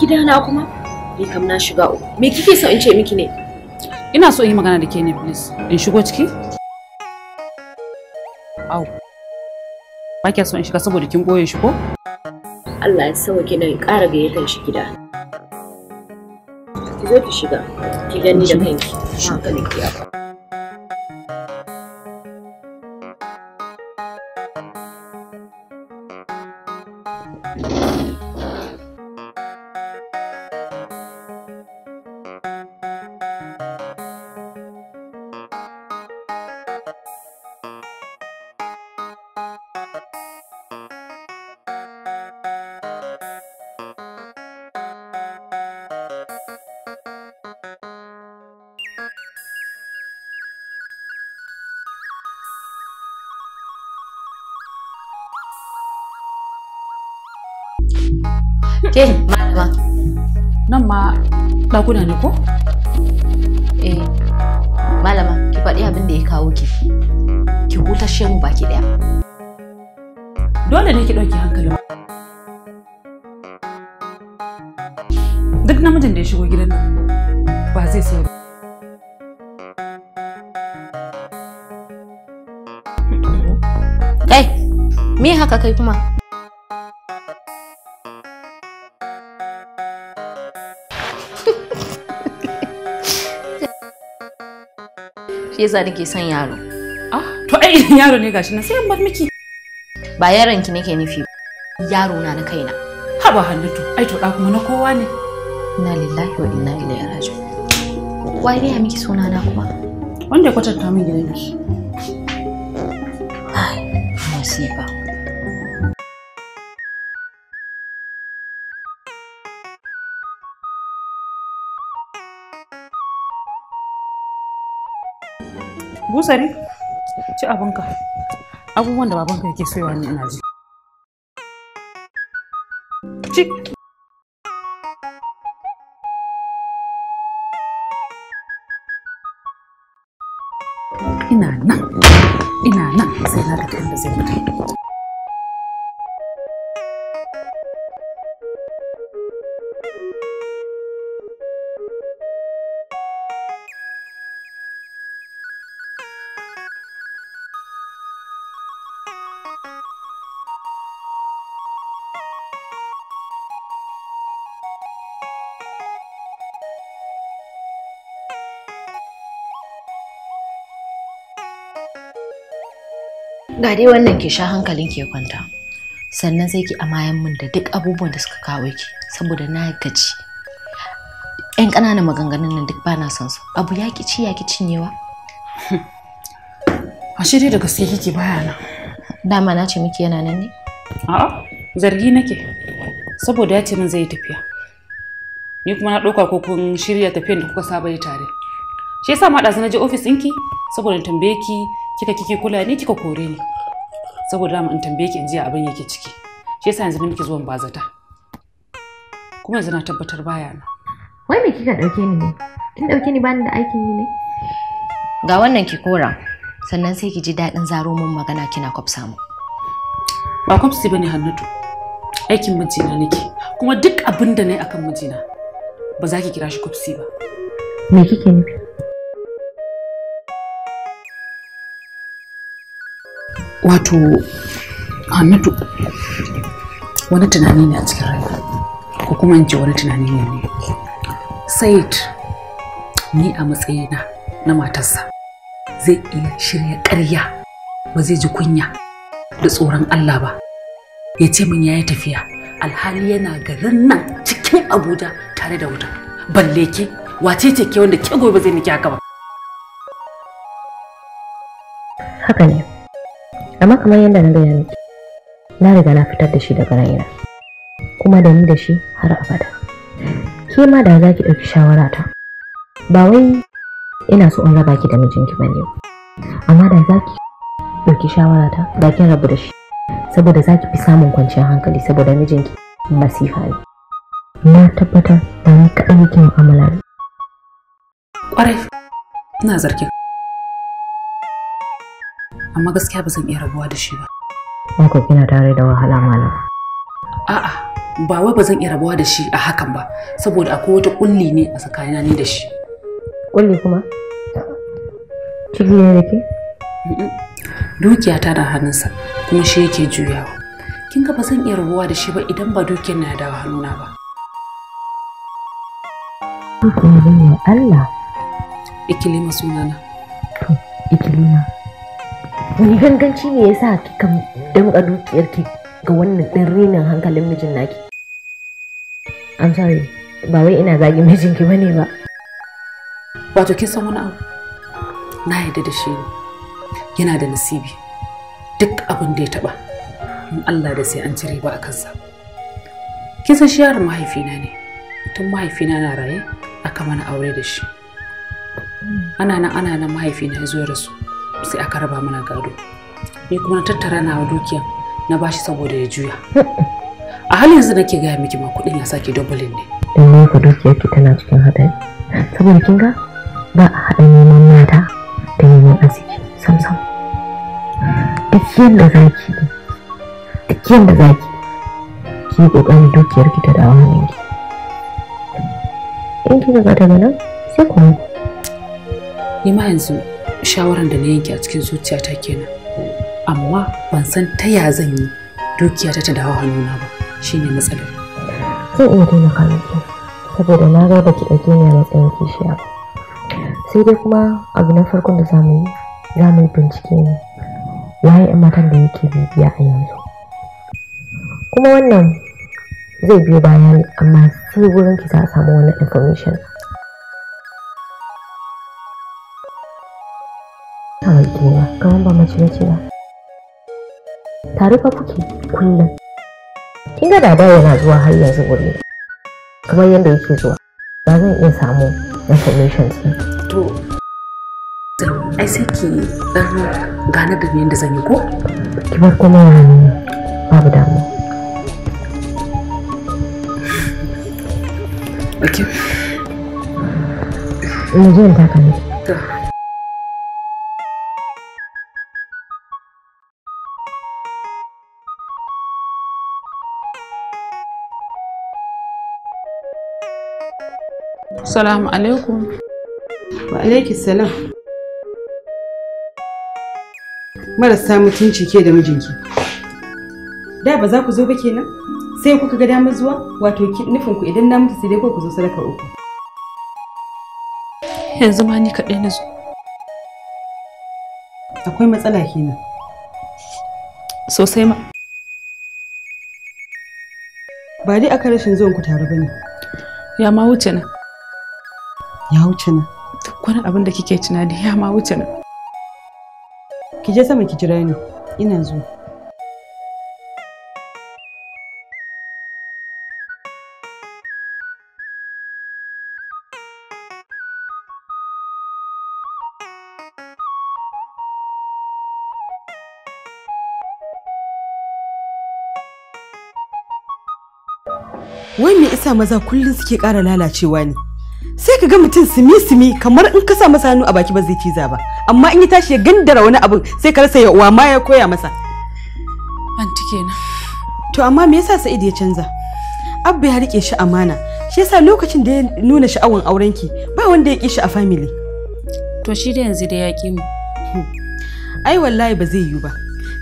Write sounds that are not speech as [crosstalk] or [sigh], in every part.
gida na kuma? Ni kam na shiga uku. Me kike so in ce miki ne? Ina so yi magana da ke ne please. In shigo ciki? Au. Ba kya so in shiga saboda kin boye shi ko? Allah ya sauke na ƙara gayyatar shi gida. Ki zo ki shiga. Ki gani da kanki. Hankali ki ya Ke malama. Nan ma ɗakuna ne ko? Eh, malama ki faɗi abin da ya kawo ki. Ki hutashe mu baki ɗaya. Dole ne ki ɗauki hankali Duk namijin da ya shigo gidan nan ba zai so Kai, me haka kai kuma? shi yasa nake son yaro ah to ai [laughs] yaro ne gashi na sai an bar miki ba yaron ki nake nufi yaro na na kaina haba halittu ai to da kuma na kowa ne inna lillahi wa inna ilaihi raji'un wai ne ya miki suna na kuma wanda ya kwatanta min gidan ki ai masifa busari ci abinka abubuwan da babanka yake soyawa ne ina ji ci ina nan ina nan sai na ga da zai fita ga dai wannan ke sha hankalin ke kwanta sannan sai ki amayan min da duk abubuwan da suka kawo ki saboda na gaji yan ƙananan maganganun nan duk bana son su abu ya ki ci ya ki cinyewa a [laughs] dai da gaske kike baya nan dama na ce miki yana nan ne a'a zargi nake saboda ya ce min zai tafiya ni kuma na ɗauka ko kun shirya tafiyan da kuka saba yi tare shi yasa ma ɗazu na je ofis ɗinki saboda tambaye ki kika kike kula ni kika kore ni saboda mu in tambaye ki in ji abin yake ciki shi yasa yanzu nake zuwa bazata kuma yanzu na tabbatar baya na wai me kika dauke ni ne kin dauke ni bani da aikin yi ne ga wannan ki kora sannan sai ki ji dadin zaro mun magana kina kwafsa mu ba kwafsi bane hannatu aikin mijina nake kuma duk abin da nayi akan mijina ba za ki kira shi kwafsi ba me kike nufi wato hannatu wani tunani ne a cikin rai ko kuma in ce wani tunani ne ne said ni a matsayina na matarsa zai iya shirya ƙarya ba zai ji kunya da tsoron Allah ba ya ce min ya yi tafiya alhali yana garin nan cikin Abuja tare da wuta balle ke wace ce ke wanda ke gobe zai miki haka ba haka ne amma kamar yadda na gaya miki na riga na fitar da shi daga raina kuma da ni da shi har abada ke ma da za ki ɗauki shawara ta ba wai ina so in raba ki da mijinki bane amma da za ki ɗauki shawara ta ba kin rabu da shi saboda za ki fi samun kwanciyar hankali saboda mijinki masifa ne na tabbatar da ni kaɗai yake mu'amala ne ƙwarai ina zargin amma gaskiya ba zan iya rabuwa da shi ba ko kina tare da wahala malam a'a ba wai ba zan iya rabuwa da shi a hakan ba saboda akwai wata kulli ne a tsakanina ni da shi kulli kuma ciki ne da ke dukiya ta da hannunsa kuma shi yake juyawa kin ga ba zan iya rabuwa da shi ba idan ba dukiyar na da hannuna ba ne Allah ikilima sunana ikilima wani ganganci ne ya yasa kika dukiyar dukiyarki ga wannan ɗin rinin hankalin mijin naki I'm sorry ba wai ina zagi mijinki bane ba wato kin san wani abu na yarda da shi ne yana da nasibi duk abin da ya taba in Allah da sai an cire ba a kansa kin san shi yaron mahaifina ne tun mahaifina na raye aka mana aure da shi ana nan ana nan mahaifina ya zo ya rasu sai aka raba mana gado ni kuma na tattara nawa dukiya na bashi saboda ya juya [laughs] a halin yanzu nake gaya miki ma kuɗin ya sake dublin ne in ne ku dukiyar ki tana cikin haɗari saboda kin ga ba a haɗa neman mata da neman arziki sam sam duk yadda zaki duk yadda ki yi ƙoƙarin dukiyar ki ta dawo ki in ki ga daga nan sai ku yi ma yanzu shawaran da na yanke a cikin zuciyata kenan amma ban san ta ya zan yi dukiyata ta dawo hannuna ba shine matsalar sai in gina kanki saboda na ga baki ɗauke ni a matsayin kishiya sai dai kuma abu na farkon da zamu yi za mu yi bincike ne waye yan matan da yake bibiya a yanzu kuma wannan zai biyo baya amma sai wurin ki za a samu wani information Ka ba mace na ce ba tare kuke kullum kin ga baba yana zuwa har yanzu guri kamar yadda yake zuwa ba zan iya samu information din to ai sai ki dan gane da yadda zan yi ko ki bar kuma ne babu damu okay mu je ta kan Assalamu alaikum. Wa alaikis salam. Marasa mutunci ke da mijinki. Da ba za ku zo ba kenan? Sai kuka ga damar zuwa? Wato nufin ku idan na mutu sai dai ku zo sadaka uku. Yanzu ma ni kaɗai na zo. Akwai matsala kenan. Sosai ma. Ba dai aka rashin zuwan ku tare ba ne. Ya ma wuce nan. ya wuce nan duk abin da kike tunani ya ma wuce nan ki je sama ki jira ni ina zuwa Wai me isa maza kullum suke ƙara lalacewa ne? sai ka ga mutum simi simi kamar in ka sa masa hannu a baki ba zai ciza ba amma in ya tashi ya gandara wani abu sai ka rasa wa ma ya koya masa anti kenan to amma me yasa Sa'id ya canza Abba ya rike shi amana shi yasa lokacin da ya nuna sha'awan aurenki ba wanda ya ki shi a family to shi da yanzu da ya ki mu hm. ai wallahi ba zai yiwu ba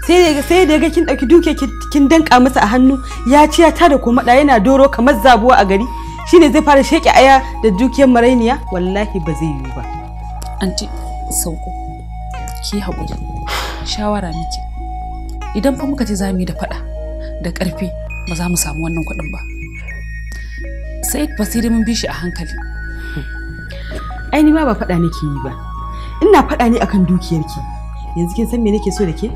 sai da sai da ga kin dauki duke kin danka masa a hannu ya ciya ta da kuma da yana doro kamar zabuwa a gari shine zai fara sheke aya da dukiyar marainiya wallahi ba zai yiwu ba anti sauko ki haƙuri shawara miki idan fa muka ce za mu yi da faɗa da ƙarfi ba za mu samu wannan kuɗin ba sa'id sai mun bi shi a hankali ai ni ma ba faɗa nake yi ba ina faɗa ne akan dukiyarki yanzu kin san me nake so da ke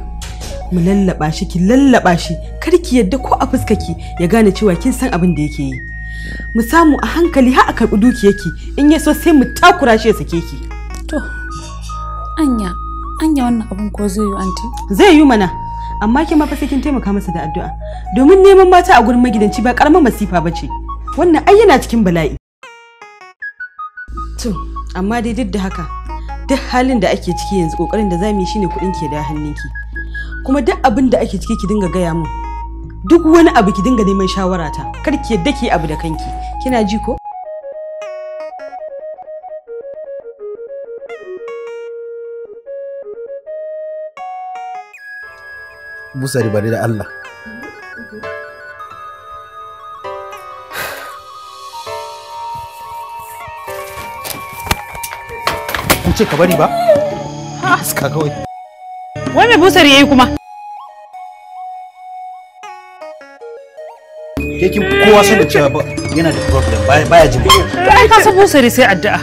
mu lallaba shi ki lallaba shi kar ki yadda ko a fuska ki? ya gane cewa kin san abin da yake yi mu samu a hankali har a karɓi dukiyarki in ya so sai mu takura shi ya sake ki to anya anya wannan abun ko zai yi anti zai yi mana amma ke ma fa sai kin taimaka masa da addu'a domin neman mata a gurin magidanci ba karamar masifa bace wannan ai yana cikin bala'i to amma dai duk da haka duk halin da ake ciki yanzu kokarin da zamu yi shine kuɗin ke da hannunki kuma duk abin da ake ciki ki dinga gaya mu? duk wani abu ki dinga neman shawara ta kar ki yadda ki abu da kanki kina ji ko Musa bari da Allah Kun ce ka bari ba? Iska kawai. Wai mai ya yayi kuma? kin kowa san da cewa yana da problem baya jin ba ai ka sabo sai sai addu'a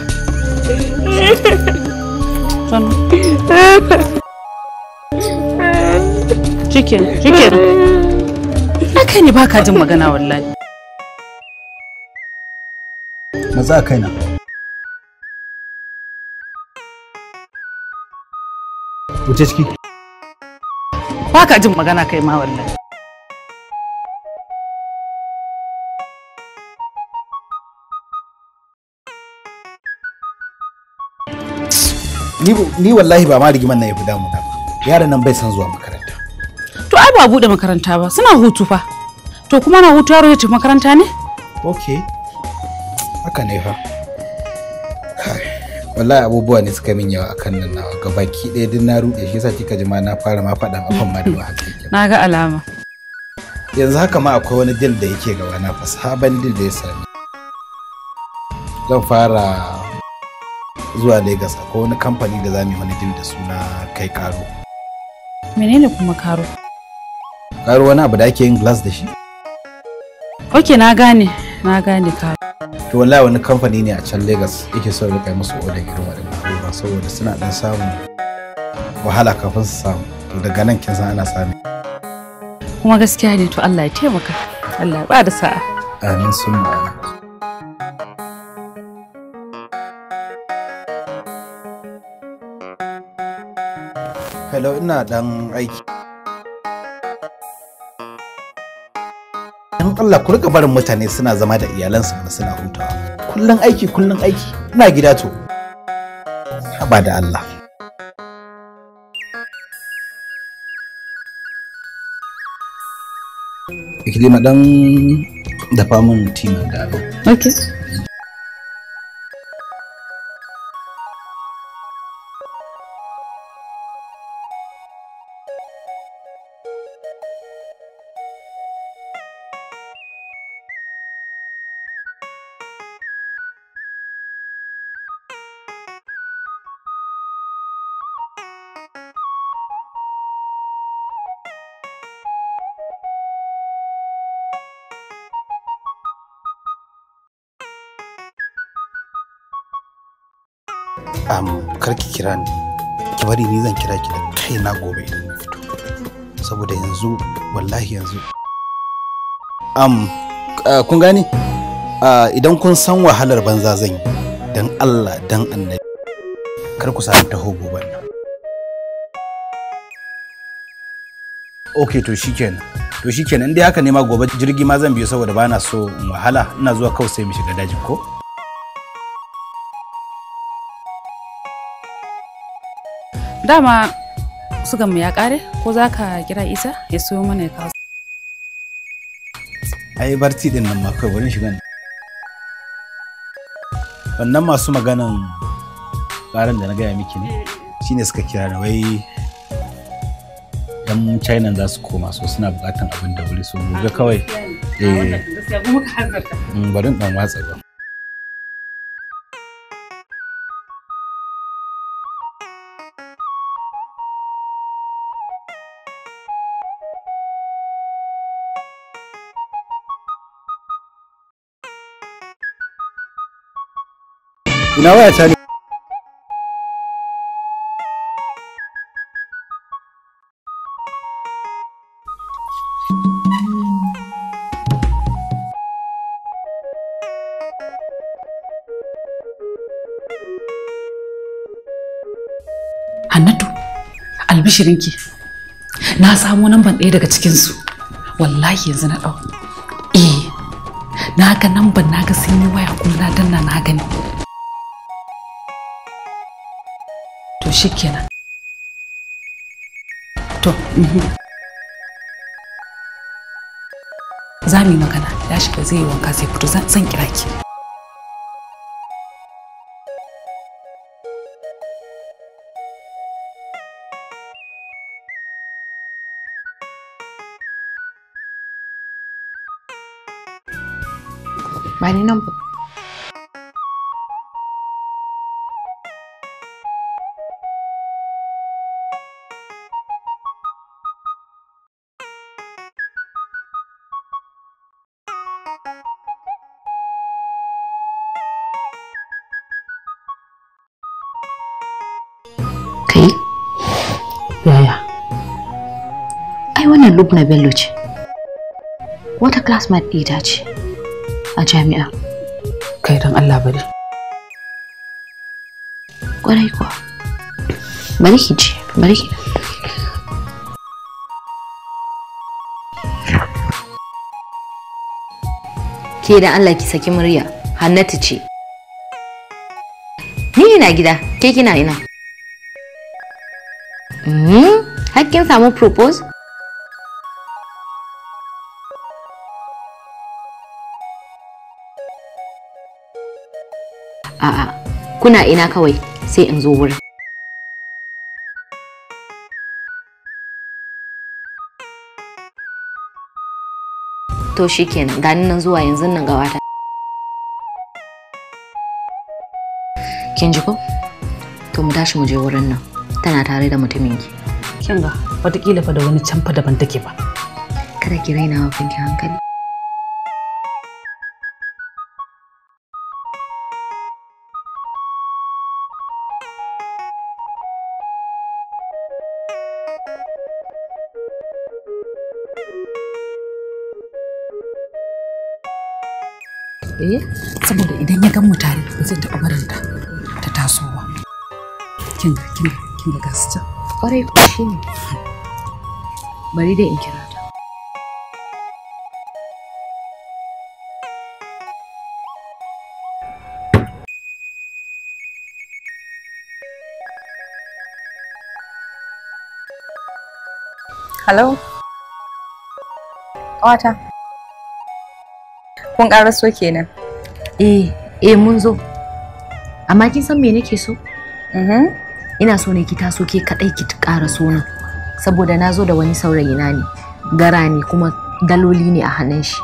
Chicken, chicken. kai ne baka jin magana wallahi. Maza kaina. Wuce ciki. Baka jin magana kai ma wallahi. ni wallahi ba ma rigiman na yafi damu ba yaran nan bai san zuwa makaranta to ai ba bude makaranta ba suna hutu fa to kuma na hutu yaro ya tafi makaranta ne okay haka ne fa wallahi abubuwa ne suka min yawa akan nan nawa ga baki ɗaya din na rude shi yasa kika ji ma na fara ma faɗa ma ma da ba haka na ga alama yanzu haka ma akwai wani dil da yake gaba na fa sabon dil da ya sami zan fara zuwa Legas akwai wani kamfani da za mu yi wani dil da suna kai karo. Menene kuma karo? Karo wani abu da ake yin glass da shi. Ok na gane, na gane karo. To wallahi wani kamfani ne a can Legas yake son rika musu oda irin waɗannan abubuwa saboda suna dan samun wahala kafin su samu. To daga nan kin san ana samu. Kuma gaskiya ne to Allah ya taimaka. Allah ya ba da sa'a. Amin sun ma'ana. kalau ina dan aiki dan Allah ku riga barin mutane suna zama da iyalansu kuma suna hutawa kullun aiki kullun aiki ina gida to haba da Allah ikilima dan dafa min tima da okay um, karki kira ni ki bari ni zan kira ki da kaina gobe idan na fito saboda yanzu wallahi yanzu um, uh, kun gane uh, idan kun san wahalar banza zan yi dan Allah dan annabi kar ku samu taho gobe nan ok to shikenan to shikenan dai haka ne ma gobe jirgi ma zan biyo saboda bana so wahala ina zuwa kawai sai mu shiga dajin ko dama sugan mu ya kare ko za ka kira isa ya so mana ya kawo ai barci din nan ma kai wurin shigan wannan masu maganan karin da na gaya miki ne shine suka kira na wai yan china za su koma so suna bukatan abin da wuri so kawai eh mm, bari in dan watsa ba ina waya na samo namban ɗaya daga cikinsu, wallahi yanzu na ɗau. Eh, na ga namban na ga sun yi waya kuma na danna na gani. shikenan to mhm. za magana ya shiga zai yi wanka sai fito zan kira ki ba ni nan Malam Lubna Bello ce. Wata classmate ɗita ce a jami'a. Kai don Allah bari. Kwarai kuwa. Bari ki ce, bari ki. Ke da Allah ki saki murya, Hannatu ce. Ni ina gida, ke kina ina. Hmm? Har samu propose? kuna ina kawai sai in zo wurin to kenan gani nan zuwa yanzu nan gawata kin ji ko to mu tashi mu je wurin nan tana tare da mutumin ki kin ga watakila fa da wani can fa daban take ba kada ki raina wa kanki hankali eh saboda idan ya gan mutane ba zai taɓa barin ta ta tasowa kin ga kin ga kin kun karaso kenan eh eh mun zo amma kin san me nake so mhm. ina so ne ki taso ke kadai ki ƙaraso na saboda na zo da wani saurayi na ne gara ne kuma daloli ne a hannun shi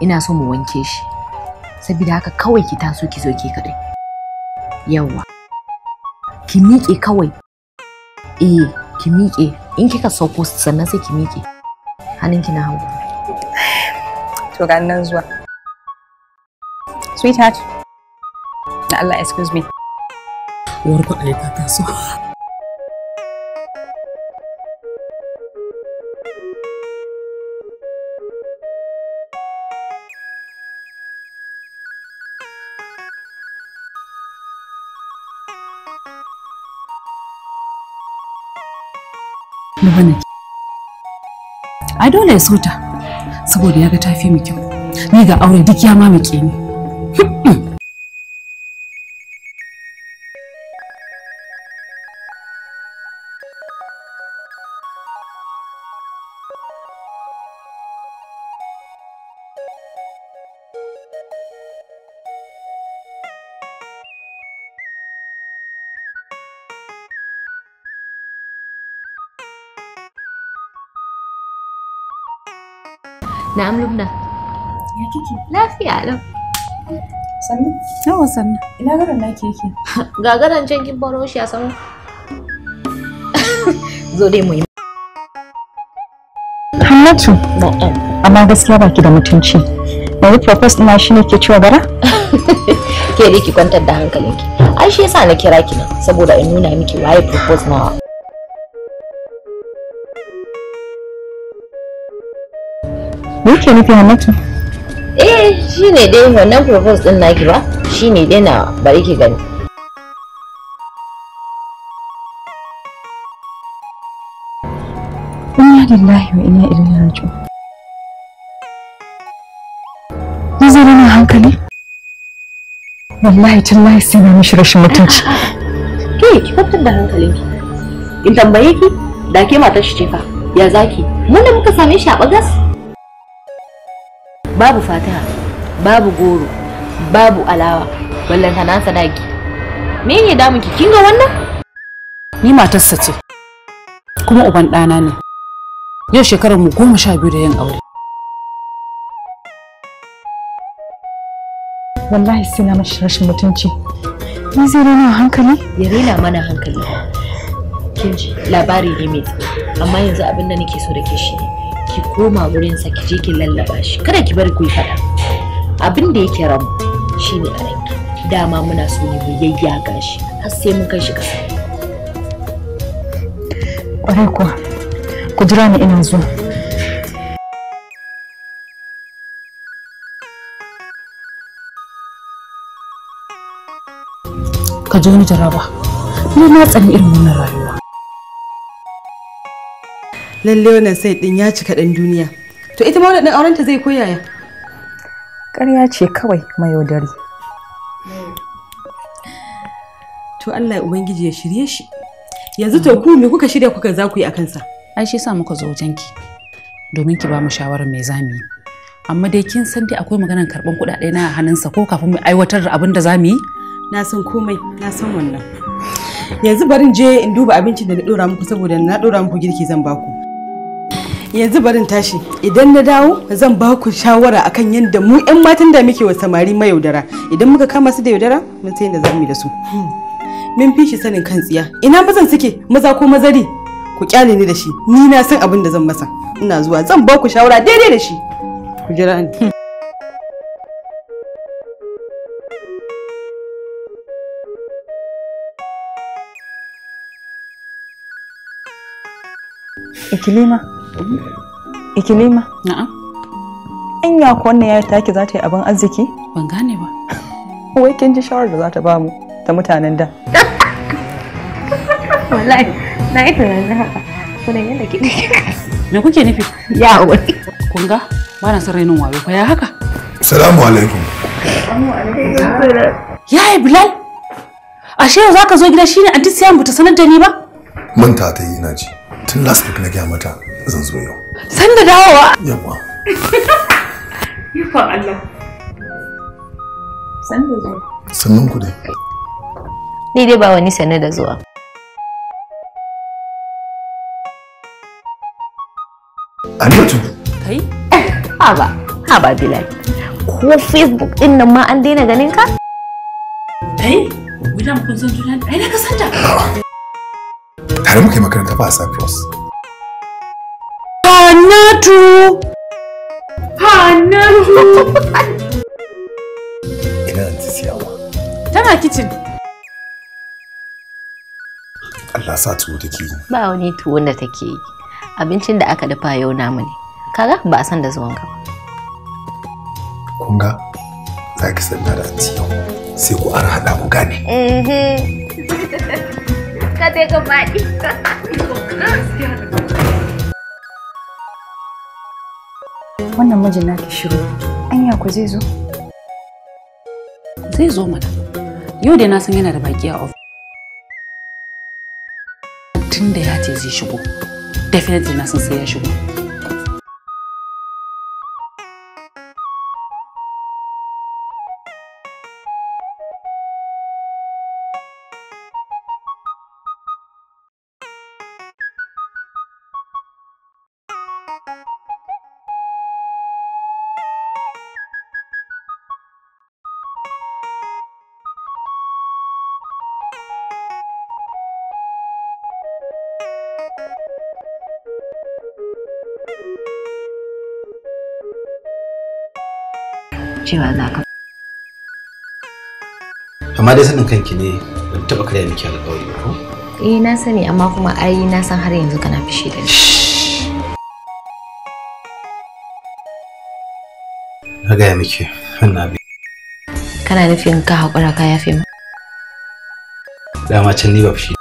ina so mu wanke shi saboda haka kawai ki taso ki zo ke kadai yawa ki miƙe kawai eh ki miƙe in kika sauko sannan sai ki miƙe hannunki na hagu to ga nan zuwa sweetheart Allah excuse me uwar kwaɗayi ta taso dole ya so saboda ya ga ta fi kyau ni ga aure duk ya mamake ni نعم لبنى لا في علم sannu yawa sannu ina garin na ke ke ga garin can kin baro shi a sama [laughs] zo dai mu yi Hannatu amma gaskiya baki da mutunci Ba yanzu propose ina shi ne ke cewa gara [laughs] ke dai ki kwantar da hankalinki ai shi yasa na kira ki nan saboda in nuna miki waye propose nawa me yake nufi Hannatu eh shine dai wannan propose din naki ba shine dai na bari ki gani Inna lillahi wa inna ilaihi raji'un. na hankali? Wallahi tallahi sai na mishi rashin mutunci. [laughs] Ke ki kwantar da hankalinki. In tambaye ki da ke matar shi ce fa. Ya zaki? Mu ne muka same shi a bagas? babu fatiha babu goro babu alawa wallan kana sadaki me ne damun ki kin ga wannan ni matarsa ce kuma uban ɗana ne yau shekarar mu goma sha biyu da yin aure wallahi sai na mashi rashin mutunci ni zai rena hankali ya rena mana hankali kinji labari ne mai amma yanzu abin da nake so da ke shi ne ki koma wurin sa ki je ki lallaba shi kada ki bari ku yi fada abin da yake ramu shine a ranki dama muna so ne mu yayyaga shi har sai mun kai shi kasa kwarai kuwa ku jira ni ina zuwa ka ji wani jaraba ni na tsani irin wannan rayuwa lalle wannan sai din ya cika dan duniya to ita ma wannan auren ta zai koyaya ƙarya ce kawai mayaudari to Allah ubangiji ya shirye shi yanzu to ku me kuka shirya kuka za ku yi a kansa ai shi sa muka zo wajen ki. domin ki ba mu shawarar me zamu yi amma dai kin san dai akwai maganar karban kuɗaɗe na hannunsa ko kafin mu aiwatar da abin da zamu yi na san komai na san wannan yanzu barin je in duba abincin da na dora muku saboda na dora muku girki zan baku yanzu barin tashi idan na dawo zan ba ku shawara akan yadda mu 'yan matan da muke wa samari mai yaudara idan muka kama su da yaudara mun sai da zamu da su min fi shi sanin kan tsiya ina mazan suke maza ko mazari ku kyale ni da shi ni na san abin da zan masa ina zuwa zan ba ku shawara daidai da shi ku jira ni Ikilima. Ikilima? na'a Anya ya wannan yayi taki za ta yi abin arziki? Ban gane ba. Wai kin ji shawarar da za ta bamu ta mutanen da. [laughs] Wallahi, na yi tunanin haka. Kuna yadda Me kuke nufi? Ya wai. Kun ga ba na son rainin wayo ya haka? Assalamu alaikum. Ya alaikum. Yaya Bilal? Ashe yau zaka zo gida shine anti Siyan ta sanar da ni ba? Manta ta yi ina ji. Tun last week na gaya mata zan zo yau san da dawowa yawa yufan [laughs] Allah san da zuwa sannan ku dai ni dai ba wani sanne da zuwa Almatu kai [laughs] haba haba bilal ko facebook din nan ma an daina ganin ka kai William kun san juna ai na ka santa tare muke makaranta ba a Cyprus Hannatu! Hannatu! [laughs] Ina ta siyawa. Tana kicin. Allah sa tuwo take yi. Ba wani tuwo da take yi. Abincin da aka dafa yau namu ne. Kaga ba a san da zuwanka ba. Kun ga za ki sanna da ci yau sai ku ara hada ku gane. [laughs] Ka dai ga baɗi. [laughs] wannan mijin naki shiru anya ku zai zo zai zo mana yau da na san yana da baki a of tun da ya ce zai shigo definitely na san sai ya shigo amma dai sanin kanki ne ban taba karya miki alƙawari ba ko eh na sani amma kuma ai na san har yanzu kana fishi da ni na gaya miki hannu abin kana nufin ka haƙura ka yafe mu dama can ni ba fushi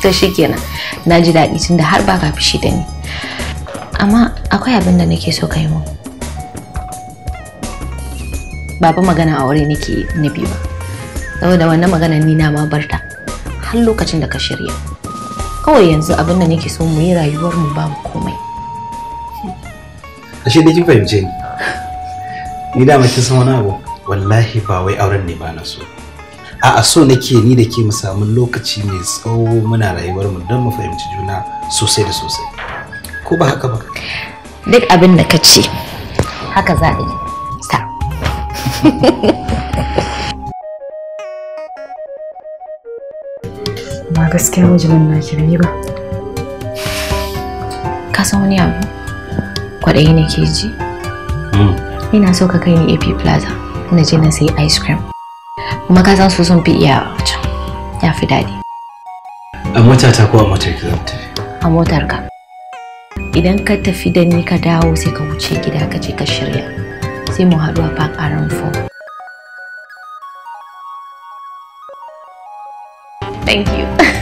to shikenan na ji daɗi tunda har ba ka fishi da ni amma akwai abin da nake so ka yi mu Baba magana a aure nake na biyu ba saboda wannan magana ni na ma barta har lokacin da ka shirya kawai yanzu abin da nake so mu yi rayuwar mu ba komai ashe dai kin fahimce ni ni da mace san wani abu wallahi ba wai auren ne ba na so a'a so nake ni da ke mu samu lokaci mai tsawo muna rayuwar mu don mu fahimci juna sosai da sosai ko ba haka ba duk abin da ka ce haka za a yi [laughs] gaskiya wajen na ki ba ka san wani abu kwaɗayi na ke ji hmm. ina so ka kai ni ap plaza na je na sayi ice cream kuma ka san su sun fi iya a ya fi daɗi a mota ta ko a motar ka zan tafi a motar ka idan ka tafi da ni ka dawo sai ka wuce gida ka je ka shirya sai mu haɗu a park around four thank you [laughs]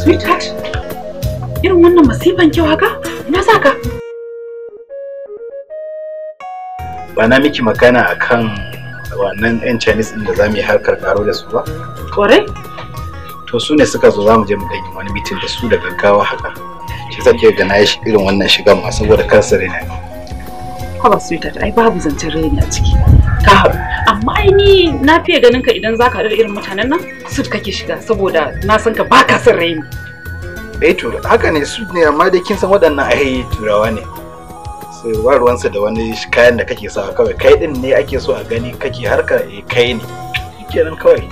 sweetheart irin wannan masifan kyau haka na sa ka ba na miki magana a kan wannan 'yan chinese inda za mu yi harkar karo da su ba kore to su ne suka zo za mu je mu ɗanyi wani mitin da su da gaggawa haka shi zake ga na yi irin wannan shigan ma saboda kansa rena ne haba sweetheart ai babu zancen rena a ciki ka haɗu ai ni na fiye ganin ka idan zaka da irin mutanen nan su kake shiga saboda na san ka baka son raini eh to haka ne su ne amma dai kin san waɗannan ai turawa ne sai ba ruwansa da wani kayan da kake sawa kawai kai din ne ake so a gani kake harka eh, kai ne kenan kawai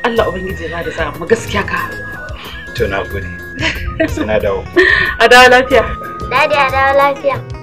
Allah ubangiji ya bada sa'a mu gaskiya ka to na gode sana dawo [laughs] a dawo lafiya dadi a dawo lafiya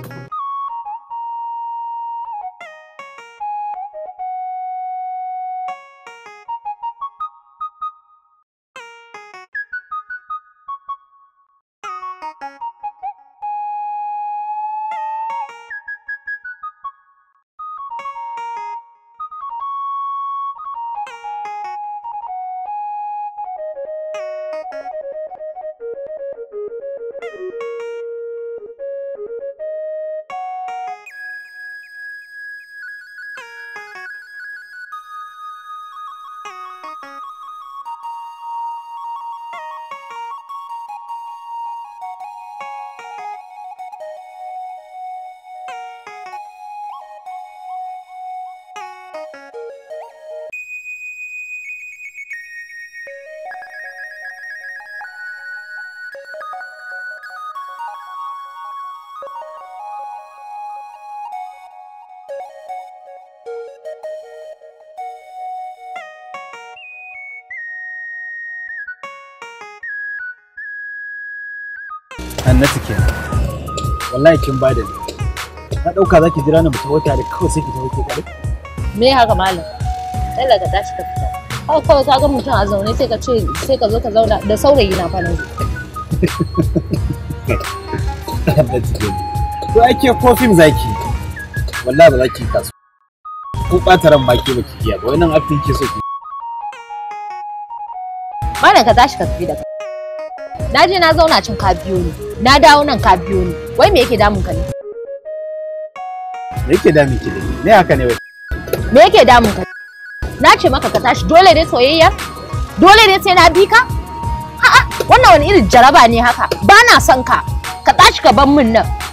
Annatu ke. Wallahi kin bada ni. Na dauka zaki jira ni mutu wata da kawai sai ki tawo ke kare. Me haka malam? Allah ka tashi ka fita. Haka kawai ka ga mutum a zaune sai ka ce sai ka zo ka zauna da saurayi na fa nan. Annatu ke. To ake kofin zaki. Wallahi ba zaki kasu. Ko ɓata ran ma ke ba ki iya ba wannan afin ke so ki. Malam ka tashi ka tafi da ka. Na je na zauna cin ka biyo ni. na dawo nan ka biyo ni wai me yake damun ka ne me yake damun ki ne haka ne wai me yake damun ka na ce maka ka tashi dole ne soyayya dole ne sai na bi ka a'a wannan wani irin jaraba ne haka ba na son ka ka tashi ka ban min nan